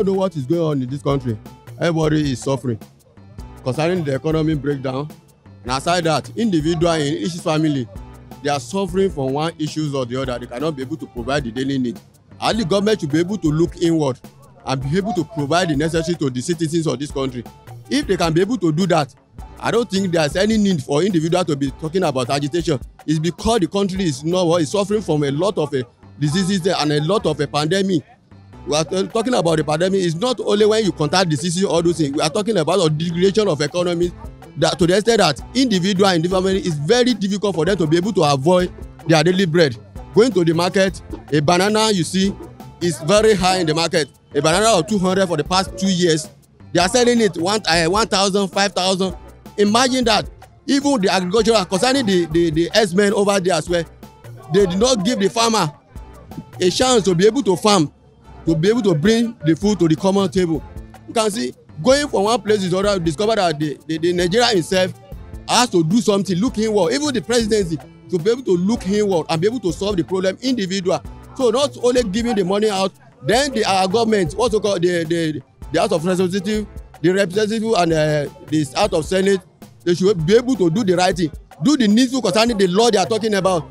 all know what is going on in this country everybody is suffering concerning the economy breakdown and aside that individual in each family they are suffering from one issues or the other they cannot be able to provide the daily need and the government should be able to look inward and be able to provide the necessary to the citizens of this country if they can be able to do that i don't think there's any need for individual to be talking about agitation it's because the country is not well it's suffering from a lot of uh, diseases and a lot of a pandemic we are talking about the pandemic it's not only when you contact diseases all those things we are talking about the degradation of economy that to the extent that individual and different family is very difficult for them to be able to avoid their daily bread going to the market a banana you see is very high in the market a banana of two hundred for the past two years they are selling it one eh, one thousand five thousand imagine that even the agricultural concerning the the the herdsmen over there as well they did not give the farmer a chance to be able to farm to be able to bring the food to the common table you can see going from one place to another discover that the the, the nigeria itself has to do something look inward even the presidency to be able to look inward and be able to solve the problem individual so not only giving the money out then the our government also called the the the house of Representatives, the representative and uh, the house of senate they should be able to do the right thing do the needful concerning the law they are talking about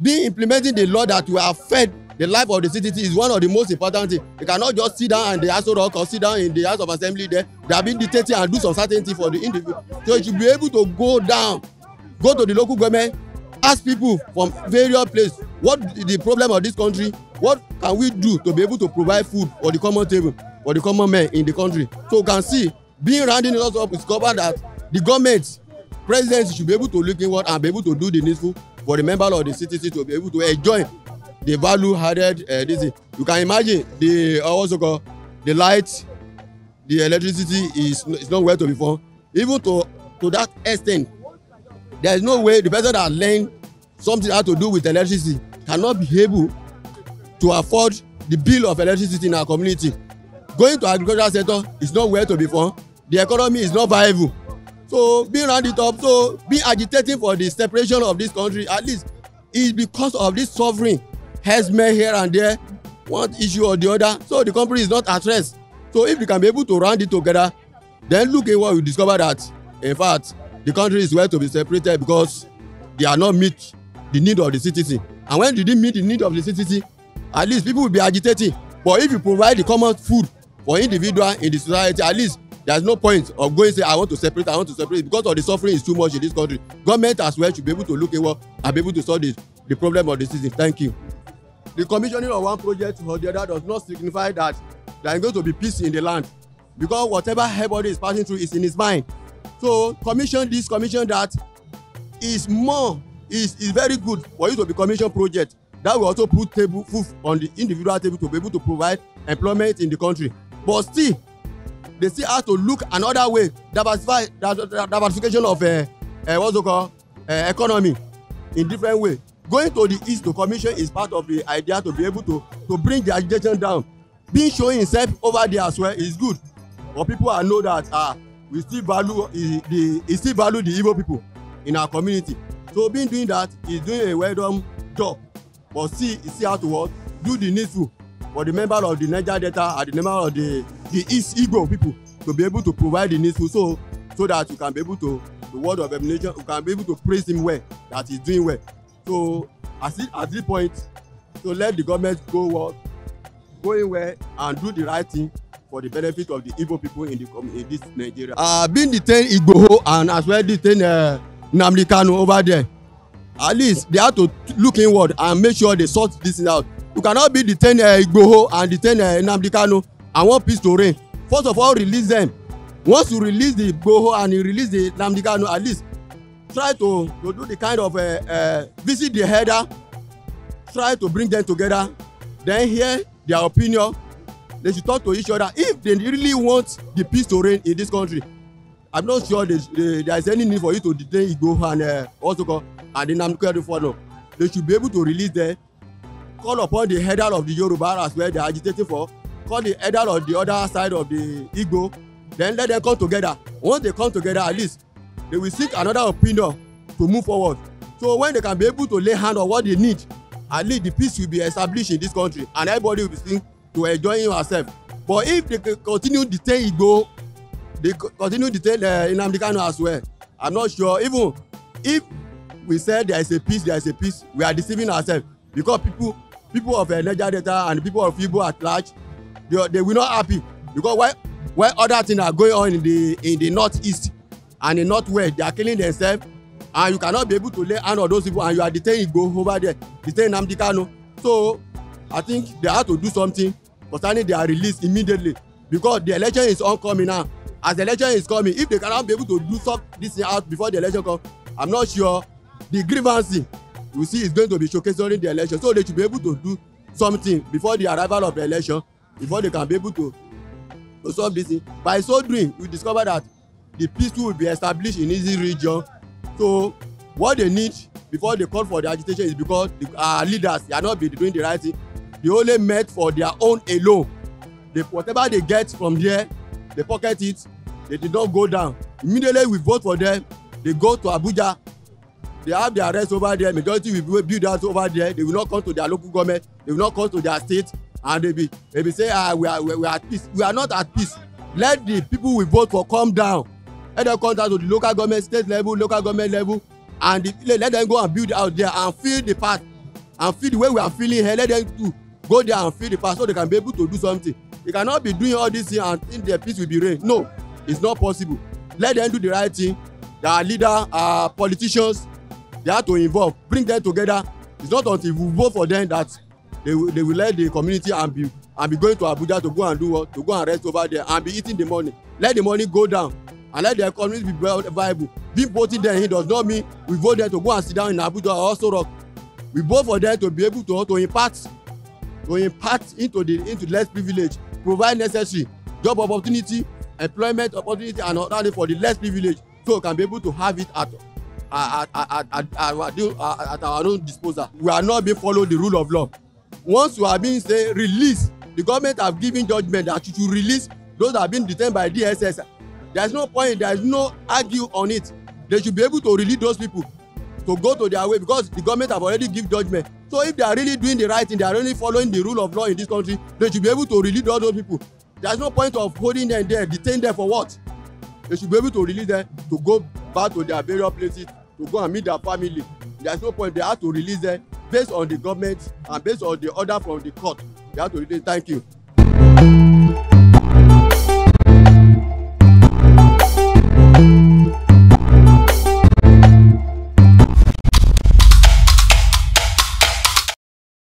be implementing the law that will fed the life of the city is one of the most important thing. you cannot just sit down in the house of Rock or sit down in the House of Assembly there they have been dictating and do some certain thing for the individual so you should be able to go down go to the local government ask people from various places what the problem of this country what can we do to be able to provide food for the common table for the common men in the country so you can see being rounding us up we discover that the government president should be able to look inward and be able to do the needful for the member of the city to be able to enjoy the value added uh, this thing you can imagine the uh, also called the light the electricity is is not well to be found even to to that extent there is no way the person that learn something how to do with electricity cannot be able to afford the bill of electricity in our community going to agricultural sector is not well to be found the economy is not viable so being round the top so being agitating for the separation of this country at least is because of this suffering herdsmen here and there one issue or the other so the company is not at rest so if they can be able to round it together then look at what we discover that in fact the country is well to be separated because they are not meet the need of the citizen and when they meet the need of the citizen at least people will be agitating but if you provide the common food for individual in the society at least there is no point of going say i want to separate i want to separate because of the suffering is too much in this country government as well should be able to look inward and be able to solve the the problem of the citizen thank you the commissioning of one project or the other does not signify that there is going to be peace in the land because whatever everybody is passing through is in his mind so commission this commission that is more is is very good for you to be commission project that will also put table food on the individual table to be able to provide employment in the country but still they still have to look another way diversify diversification of uh, uh, what's it called uh, economy in different way going to the east to commission is part of the idea to be able to to bring the agitation down being showing himself over there as well is good but people are know that ah we still value eh, the, we still value the igbo people in our community so being doing that is doing a well done job but see see how to work do the needful for the member of the niger delta and the member of the the east igbo people to be able to provide the needful so so that you can be able to the word of emulation you can be able to praise him well that he's doing well so at, at this point to let the government go work, go in well and do the right thing for the benefit of the igbo people in the in this nigeria. i uh, been detain igboho and as well detained uh, nnamdi kanu over there at least they have to look inward and make sure they sort this thing out you cannot be detained uh, igboho and detained uh, nnamdi kanu and want peace to reign first of all release them once you release the igboho and you release the Namdi kanu at least try to to do the kind of uh, uh, visit the elder try to bring them together then hear their opinion they should talk to each other if they really want the peace to reign in this country i'm not sure they, they, there is any need for you to detain igboho and uh, eh, osoko and the namdi kwedu for now they should be able to release them call upon the elder of the yoruba as well they are agitating for call the elder of the other side of the igbo then let them come together once they come together at least they will seek another opinion to move forward so when they can be able to lay hand on what they need at least the peace will be established in this country and everybody will be seen to enjoying ourselves but if they continue detain igbo they continue detain uh, eh, nnamdi kanu as well i'm not sure even if we say there is a peace there is a peace we are deceiving ourselves because people people of eh, niger delta and people of igbo at large they they will not happy because why why other things are going on in the in the North East and in north west they are killing themselves and you cannot be able to lay hand on those people and you are detaining Igboho over there detaining Nnamdi Kanu so i think they have to do something concerning their release immediately because the election is on coming now as the election is coming if they cannot be able to do sort this thing out before the election come i'm not sure the grievance you see is going to be showcased during the election so they should be able to do something before the arrival of the election before they can be able to to solve this by so doing we discover that the peace will be established in easy region so what they need before they call for the agitation is because the, our leaders they are not be doing the right thing they only met for their own alone they whatever they get from there they pocket it they did not go down immediately we vote for them they go to abuja they have their rest over there majority will build house over there they will not come to their local government they will not come to their state and they be they be say ah we are we, we are at peace we are not at peace let the people we vote for come down let them contact to the local government state level local government level and the, let them go and build out there and feel the part and feel the way we are feeling here let them too go there and feel the part so they can be able to do something They cannot be doing all this thing and think their peace will be reign no it's not possible let them do the right thing their leader our uh, politicians they have to involve bring them together it's not until we vote for them that they will they will let the community and be and be going to abuja to go and do what to go and rest over there and be eating the money let the money go down unless the economy be viable being voting there He does not mean we vote there to go and sit down in abuja or also rock we vote for them to be able to to impact to impact into the into the less privileged provide necessary job opportunity employment opportunity and other things for the less privileged so we can be able to have it at at at at at, at, at, our own disposal we are not being followed the rule of law once we are being say release the government have given judgement that you should release those that have been detained by dss there is no point there is no argue on it they should be able to release those people to go to their way because the government have already give judgement so if they are really doing the right thing they are really following the rule of law in this country they should be able to release all those people there is no point of holding them there detain them for what they should be able to release them to go back to their various places to go and meet their family there is no point they have to release them based on the government and based on the order from the court they have to release thank you.